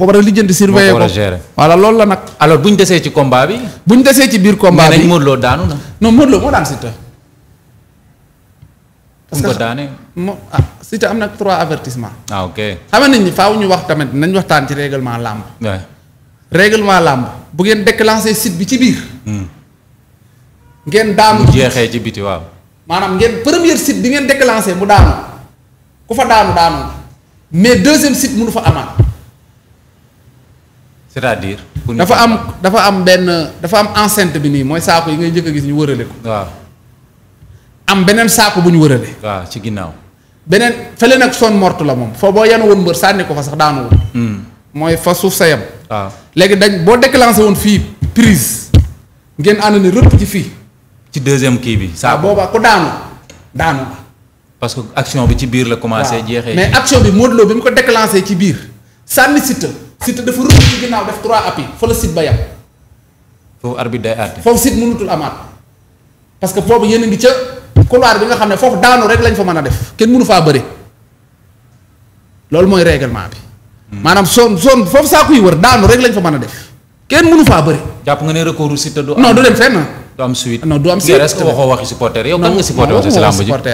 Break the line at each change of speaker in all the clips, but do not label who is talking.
ko war a lijjanti surveiller ko voilà loolu la nag. alors bu ñu desee ci combat bi. bu ñu desee ci biir combat bi nee nañ Modou Lo daanu na. non Modou Lo moo daan Siteu. parce que mu ko daanee. mo ah Siteu am na trois avertissement. ah ok xam nañ ni faaw ñu wax tamit nañ waxtaan ci règlement làmb. waaw règlement làmb bu ngeen déclenché site bi ci biir. Hmm. ngeen daanu mu jeexee ci biti waaw. maanaam ngeen première site bi ngeen déclenché mu daanu ku fa daanu daanu mais deuxième site mënu fa amaat.
c'est-à-dire. dafa am
dafa am benn dafa am enceinte bi nii mooy saako yi ngay njëkk a gis ñu wërale ko. waaw am beneen saako bu ñu wërale. waaw ci ginnaaw. beneen fële nag son morte la moom foo boo yan woon mbër sànni ko fa sax daanu woon. Hmm. mooy fa suuf sa yem. léegi dañ boo déclenché woon fii prise ngeen ànd ne rëpp ci fii. ci deuxième kii bi. saa booba ku daanu daanu la. parce que
action bi ci biir la. commencé jeexee mais action
bi Modou bi mu ko déclenché ci biir sànni Siteu. Siteu dafa rëb ci ginnaaw def trois appuis fa la ba yam
foofu arbitre day àtte foofu
Siteu mënutul amaat parce que foofu yéen a ngi ca couloir bi nga xam ne foofu daanu rek lañ fa mën a def kenn mënu faa bëri loolu mooy règlement bi. Hmm. maanaam zone zone foofu saa kuy wër daanu rek lañ fa mën def kenn mënu faa bëri.
jàpp nga ne recours Siteu du am non du dem fenn.
du am suite non du am suite reste waxoo
waxi supporter làmb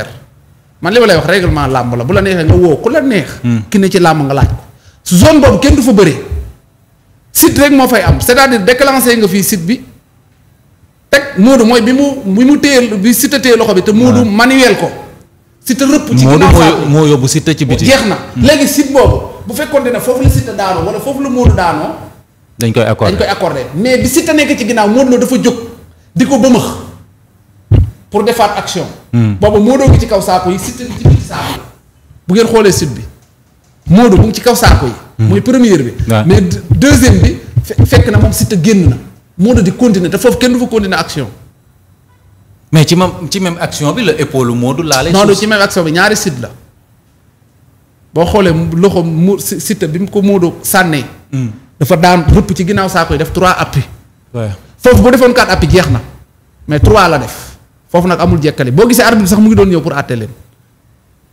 man li ma lay wax règlement làmb la bu la neexee nga woo ku la neex. Hmm. ki ne ci làmb nga laaj ko. zone boobu kenn du fa bëree sit rek moo fay am c'est-à-dire nga fii site bi teg Moodu mooy bi mu bi mu téye bi site téye loxo bi te Moodu manuel ko site rëpp ci ginnaaw saako
moo yóbbu site ci biti jeex na
hmm. léegi site boobu bu fekkoonte ne foofu la site daanoo wala foofu la Moodu daanoo
dañ koy accordé dañ koy
accordé mais bi site nekk ci ginnaaw Moodu la dafa jóg di ko bëmëx pour defaat action hmm. boobu Moodu ngi ci kaw saako yi site ngi ci biir saako bu ngeen xoolee bi Modou mu ngi ci kaw saako yi. mooy hmm. première bi. mais deuxième bi fekk na moom Siteu génn na Modou di continuer te foofu kenn du fa continuer action.
mais ci même ci même action bi la épaule Modou laale. non ci
même action bi ñaari Siteu la boo xoolee loxo mu Siteu bi mu ko Modou sànnee. Hmm. dafa daan rëpp ci ginnaaw saako yi def trois appui. foofu bu defoon quatre appui jeex na mais trois la def foofu nag amul jekkale boo gisee arbitre bi sax mu ngi doon yow pour àtte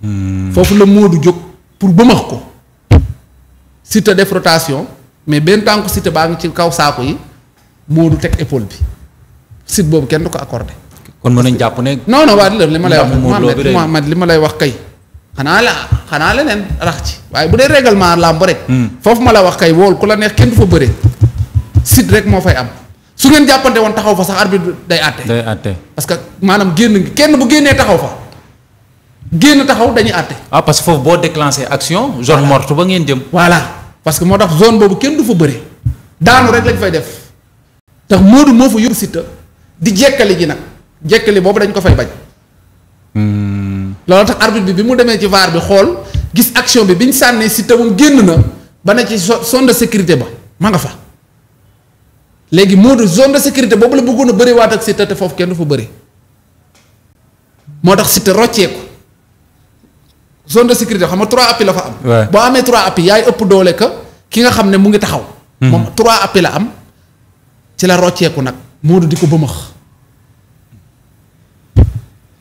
hmm. foofu la Modou jóg pour bëmax ko. Siteu def rotation mais benn tànku sit baa ngi ci kaw saako yi Modou teg épaule bi Siteu boobu kenn du ko accordé. kon mën nañ jàpp ne. non non waa li ma lay wax Mouhamed li ma lay wax kay. xanaa la xanaa leneen rax ci waaye bu dee règlement làmb rek. Hmm. foofu ma la wax kay wool ku la neex kenn du fa bëree. Siteu rek moo fay am su ngeen jàppante woon taxaw fa sax arbitre day àtte. day àtte parce que maanaam génn kenn bu génnee taxaw fa. génn taxaw dañuy àtte. ah que foofu boo déclenché action zone morte ba ngeen jëm. parce que moo tax zone boobu kenn du fa bëre daanu rek lañ fay def tax Modou moo fa yóbbu Siteu di jekkali ji nag jekkali boobu dañ ko fay bañ. Hmm. loolu tax arbitre bi bi mu demee ci VAR bi xool gis action bi bi ñu sànnee Siteu moom génn na ba ne ci zone de sécurité ba ma nga fa. léegi moo Modou zone de sécurité boobu la bëggoon a bëriwaat ak Siteu te foofu kenn du fa bëri moo tax Siteu roccee zone de sécurité xam nga trois appui la fa am. boo amee trois appui yaay ëpp doole que ki nga xam ne mu ngi taxaw. Mhm. moom trois appui la am ci la rocceeku nag. Moodu di ko bëmaax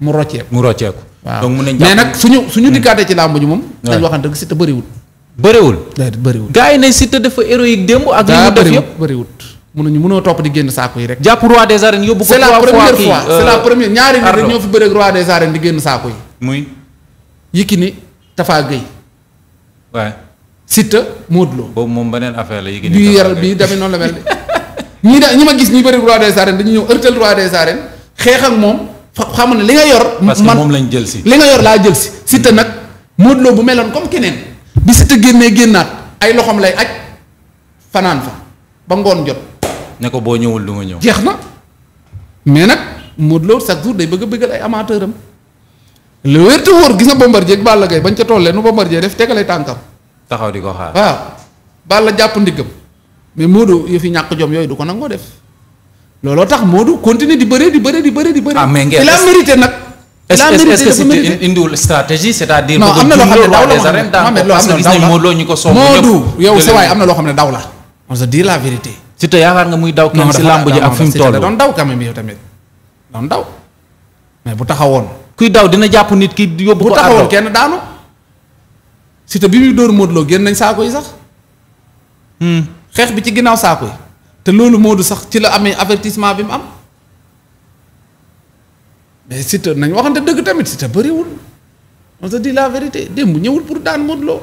mu rocceeku.
mu rocceeku. waaw donc mun nañ mais nag
suñu suñu hmm. dikkaatee ci làmb ji moom. waaw dañ waxante si te bëriwul. bëriwul. bëriwul gars yi ne si te dafa héroïque démb ak. li mu def yëpp bëriwul mënuñu mënoo topp di génn saako yi rek. jàpp roi des arènes yóbbu ko. trois première fois c'est euh, première ñaari nit ñoo fi bëreeg roi des arènes di génn saako yi. muy. Yékini Tapha Gueye.
waay Siteu Modou Lo. boobu moom beneen
affaire la Yékini du yaral bi tamit noonu la mel ni ñi da ñi ma gis ñu bëri roi des arènes dañu ñëw ërtal roi des arènes xeex ak moom xam ne li nga yor. parce que moom
lañ jël si li nga
yor laa jël si. Siteu nag Modou Lo bu meloon comme keneen. bi Siteu génnee génnaat ay loxoom lay aj fanaan fa ba ngoon jot.
ne ko boo ñëwul du ma ñëw.
jeex na mais nag Modou Lo chaque jour day bëgg bëggal ay amateur am. lu wér te wóor gis nga Bombardier ak Balla Gaye bañ ca tollee nu Bombardier def tegale tànkam.
taxaw di ko xaar
waaw. Balla jàpp ndiggam mais Modou yëfi ñàkk yooyu du ko nangoo def looloo tax Modou continuer di bëree di bëree di bëree di bëree. ah mais a mérité nag. il a mérité
est à dire non am na loo na loo xam ne Modou ñu ko song waay am na
loo xam ne daw la. on se dit la vérité. si yaakaar nga muy daw. kenn si làmb ji ak fi toll doon daw quand même yow tamit doon daw mais bu taxawoon kuy daw dina jàpp nit ki yóbbu ko. bu taxawoon kenn daanu. Siteu bi muy dóor Modou génn nañ saako yi sax. Hmm. xeex bi ci ginnaaw saako yi. te loolu Modou sax ci la amee avertissement bi mu am. mais Siteu nañ waxante dëgg tamit Siteu bëriwul. on se dit la vérité démb ñëwul pour daan Modou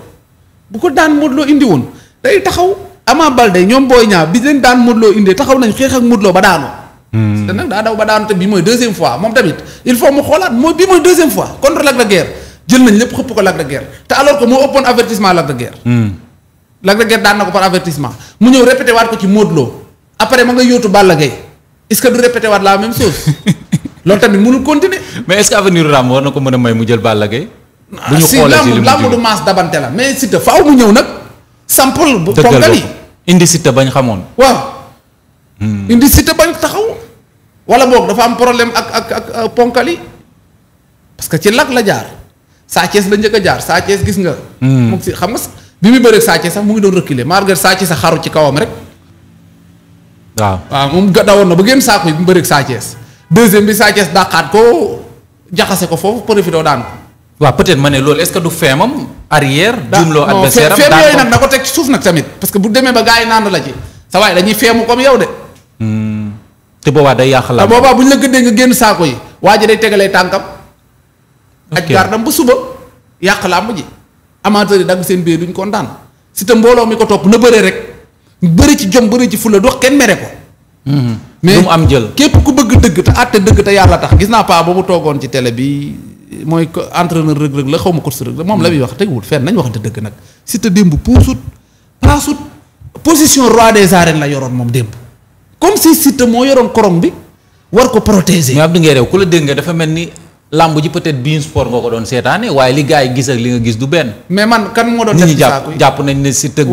bu ko daan Modou Lo indi woon day taxaw. Ama Baldé ñoom booy ñaar bi leen daan Modou Lo indee taxaw nañ xeex ak Modou ba daanoo. Hmm. te nag daa daw ba daanu te bi mooy deuxième fois moom tamit il faut mu xoolaat mooy bi mooy deuxième fois contre Lac de Guiers jël nañ lépp xëpp ko Lac te alors que moo ëppoon avertissement Lac de hmm. daan na ko par avertissement mu ñëw répété waat ko ci Modou Lo après ma nga yóotu Balla Gaye est-ce que du répété waat la même loolu tamit mënul continuer.
mais est-ce que war na ko mën a may mu jël Balla Gaye. Ah, si li mu du
maas dabante la mais Siteu faaw mu ñëw nag. sample bu ponkali indi Siteu bañ Hmm. indi Siteu bañ taxaw wala boog dafa am problème ak ak ak ponkali parce que ci lak la jaar Sa Thiès la njëkk jaar Sa gis nga moom si xam nga bi mu bëreeg Sa Thiès sax mu ngi doon reculer malgré Sa Thiès a xaru ci kawam rek waaw waaw moom dawoon na ba génn saako yi bi mu bëreeg Sa Thiès deuxième bi Sa daqaat koo ko jaxase ko foofu profité daan ko waaw peut-être ma ne
loolu est-ce que du feemam arrière jumloo adversaire am feem yooyu nag na
ko teg suuf nag tamit parce que bu demee ba gars yi la ci sa waay dañuy feemu comme yow
te boobaa day yàq la. boobaa
bu ñu la gëddee nga génn saako yi waa ji day tegalee tànkam. ak gardam ba suba yàq làmb ji. amateur yi dagg seen biir duñ kontaan si te mbooloo mi ko topp na bëree rek bëri ci jom bëri ci fula dox kenn mere ko. Mhm. mais mu am jël képp ku bëgg dëgg te àtte te yàlla tax gis naa paa boobu toogoon ci télé bi mooy entraîneur Reug Reug la xaw ma course Reug Reug moom la muy wax teguwul fenn nañ waxante dëgg nag si te démb puusut paasut position roi des arènes la yoroon moom démb. comme si Siteu moo yoroon korom bi war ko
protéger. mais Abdou Nguer ku la dégg nga dafa mel ni làmb ji peut-être biin sport nga ko doon seetaane waaye li gars yi gis ak li nga gis du benn. mais man kan moo doon def ci saako yi nit ñi jàpp nañ ne Siteu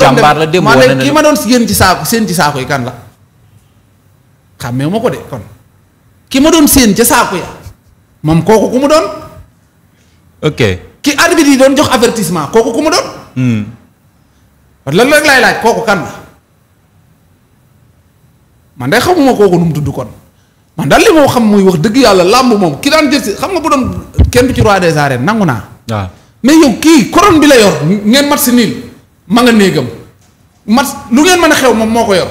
jàmbaar la dem wala ne ki ma doon
yéen ci saako seen ci saako yi kan la xàmmee ma ko de kon ki ma doon seen ca saako ya moom kooku ku mu doon. ok ki arbitre yi doon jox avertissement kooku ku mu doon. Hmm. lan rek laay laaj kooku kan la. man day xamuma kooku nu mu tudd kon man daal li moo xam muy wax dëgg yàlla làmb moom ki daan jël si xam nga bu doon kenn du ci roi de arènes nangu naa. waaw mais yow kii couronne bi la yor ngeen mat si niil ma nga néegam mat lu ngeen mën a xew moom moo ko yor.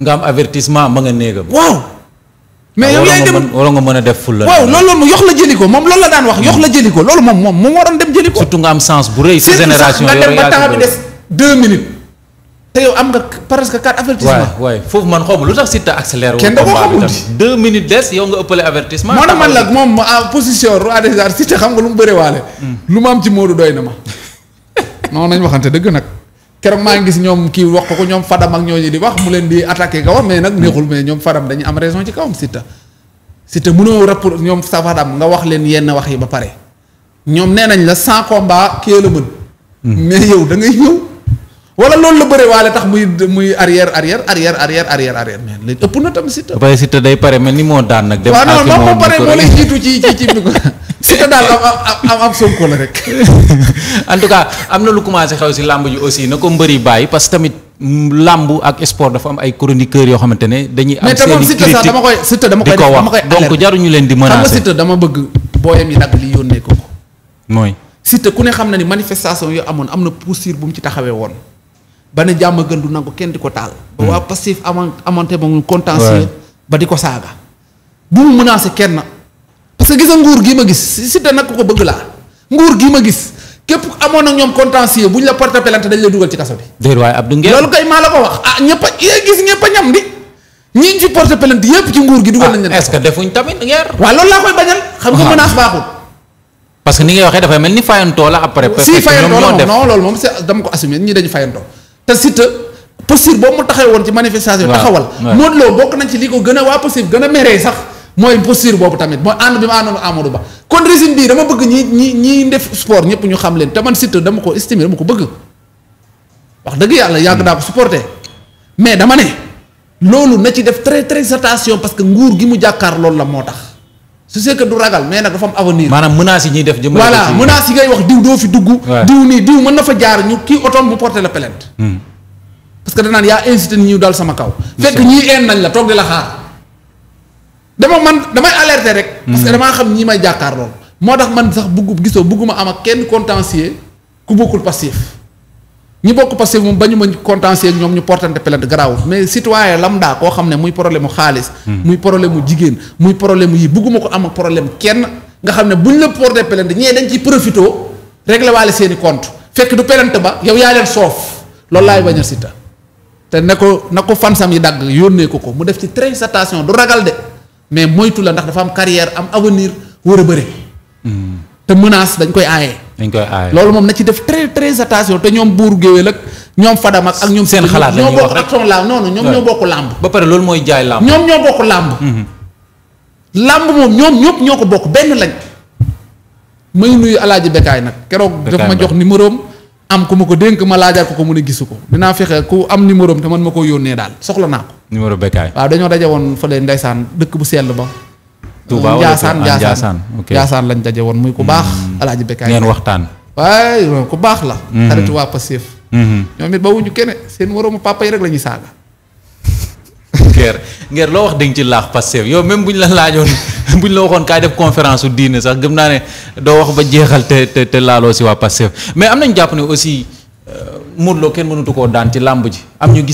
nga am avertissement ma nga néegam. waaw.
mais ah, yow yaay dem
waroon nga mën a def ful la. waaw loolu
moom moom loolu la daan wax yox la jëli ko loolu moom moom moo waroon dem jëli ko.
surtout nga am sens bu rëy. si génération yooyu yaa dem ba temps des deux minutes.
te yow am nga presque quatre avertissement. waay
waay foofu man xaw ma lu tax Siteu accélère. kenn da koo xamul deux minutes des na man la
moom en position roi des arts Siteu xam nga lu mu bëree hmm. lu ma am ci Modou doy na ma. non nañ waxante dëgg nag keroog maa ngi gis ñoom kii wax ko ko ñoom Fadam ak ñoo ñooñu di wax mu leen di attaqué kawam mais nag neexul mais ñoom Fadam dañu am raison ci kawam Siteu. Siteu mënoo rapport ñoom sa Fadam nga wax leen yenn wax yi ba pare ñoom nee nañ la sans combat kii la mën. Hmm. mais yow da ngay wala loolu la bëre waale tax muy muy arrière arrière arrière arrière arrière arrière mais léegi ëpp na tam Siteu. ba
Siteu day pare mel ni moo daan nag. dem àgg non non daal am am am rek. en tout cas am na lu commencé xew si làmb ji aussi na ko mbëri bàyyi parce que tamit làmb ak sport dafa am ay chroniqueurs yoo xamante ne dañuy. am i critique dama koy Siteu dama koy dama koy donc jaruñu leen di menacer xam nga Siteu
dama bëgg booyam yi nag li yónnee ko ko. mooy Siteu ku ne xam na ni manifestation yu amoon am na poussière bu mu ci taxawee woon ba ne jàmm gën du nangu kenn di ko taal. ba waa hmm. passif aman amante ba mu contentieux ba di ko saaga. bu mu menacé kenn. parce ma gis si si te nag ko ma gis képp amoon na ñoom contentieux bu ñu la porté plainte dañ la dugal ci ah, a a ñam di. ñi ah, ah.
ni ngay waxee dafay mel ni fayantoo la après. si fayantoo la moom non loolu
moom dama ko assumé ñi dañu fayantoo te Siteu posture boobu mu taxawee woon ci manifestation. taxawal Modou Lo bokk nañ ci li ko gën a waa possible gën a meree sax mooy posture boobu tamit mooy ànd bi ma àndoon Amadou Ba kon régime bii dama bëgg ñi ñi ñiy def sport ñëpp ñu xam leen te man Siteu dama ko estimer dama ko bëgg wax dëgg yàlla yàgg naa ko supporter mais dama ne loolu na ci def très très attention parce que nguur gi mu jàkkaar loolu la moo tax. je sais que du ragal mais nag dafa am avenir. maanaam menaces yi ñuy
def jëmale voilà menaces yi
ngay wax diw doo fi dugg. diw nii diw mën na fa jaar ñu kii otoom mu porté la pelet hmm. parce que danaan yaa incité ni ñu dal sama kaw. fekk ñii een nañ la toog di la xaar. dama man damay alerter rek. Hmm. parce que damaa xam ñi may jàkkaar lool. moo tax man sax bugg gisoo ma am ak kenn contentieux ku bokkul passif. ñi bokk parce que moom ba ñu ma contentieux ñoom ñu portante plainte garaawul mais citoyen lambda koo xam ne muy problème mu xaalis. Hmm. muy problème mu jigéen muy problème yi bugguma ko am ak problème kenn nga xam ne buñ la porté plainte ñee dañ ciy profité réglé waale seen i fekk du plainte ba yow yaa leen soof loolu laay bañ a Siteu te ne ko na ko fansam yi dagg yónnee ko ko mu def ci très station du ragal de mais moytu la ndax dafa am carrière am avenir war a bëri. Hmm. te menace dañ koy aaye. dañ koy aaye loolu moom na ci def très très attention te ñoom buur géwél ak ñoom Fadam ak ñoom. seen xalaat la ñuy wax rek ñoo ñoom ñoo bokk làmb. ba pare loolu mooy jaay làmb. ñoom ñoo bokk làmb. Mm-hmm. làmb moom ñoom ñëpp ñoo ko bokk benn lañ. may nuyu alaaji Bekaay nag. keroog daf ma jox numéro am am ku ma ko dénk ma laajaat ko ko mu ne gisu ko dinaa fexe ku am numéro am te man ma ko yónnee daal soxla naa ko.
numéro Bekaay
waaw dañoo daje woon fële Ndeysaan dëkk bu sell ba.
Touba wala Njaasaan Njaasaan Njaasaan lañ daje woon muy ku baax Mm-hmm. alaaji Bekkaay ngeen waxtaan.
waaye ku baax la. Mm-hmm. xaritu waa Pastef. Mm-hmm. ñoom it ba wuñu kenn seen woroomu papa yi rek la ñuy saaga. Nguer Nguer loo
wax dëgg ci laax Pastef yow même bu ñu la laajoon bu ñu la waxoon kaay def conférence u diine sax gëm naa ne doo wax ba jeexal te te te laaloo si waa Pastef mais am nañu jàpp ne aussi euh, Modou Lo kenn mënatu koo daan ci làmb ji am ñu gis.